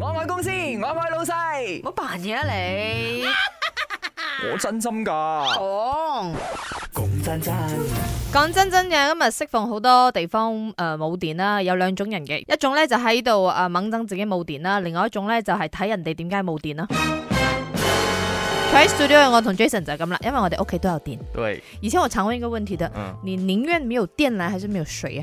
我愛公司，我愛老細。我扮嘢啊。你，我真心噶。講講、哦、真真，講真真嘅，今日適逢好多地方誒冇、呃、電啦、啊。有兩種人嘅，一種咧就喺度誒猛憎自己冇電啦、啊，另外一種咧就係、是、睇人哋點解冇電啦、啊。喺對 studio，我同 Jason 就係咁啦，因為我哋屋企都有電。對，而且我常問一個問題的，嗯、你寧願沒有電呢，還是沒有水？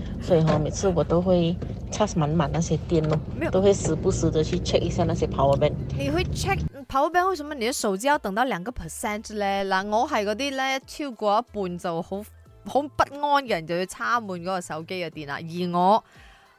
所以嗬，每次我都會插滿滿那些電咯，有都會時不時地去 check 一下那些 power bank。你會 check power bank？為什麼你的手機要等到兩個 percent 咧？嗱，我係嗰啲咧超過一半就好好不安嘅人，就要插滿嗰個手機嘅電啦。而我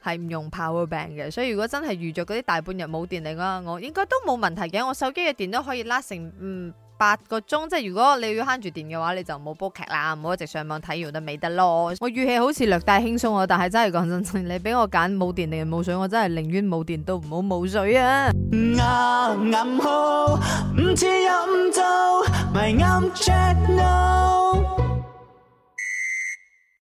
係唔用 power bank 嘅，所以如果真係遇著嗰啲大半日冇電嚟㗎，我應該都冇問題嘅。我手機嘅電都可以拉成嗯，八個鐘，即係如果你要慳住電嘅話，你就唔好煲劇啦，唔好一直上網睇完得未得咯。我語氣好似略帶輕鬆啊，但係真係講真，你俾我揀冇電定係冇水，我真係寧願冇電都唔好冇水啊！嗯嗯好五次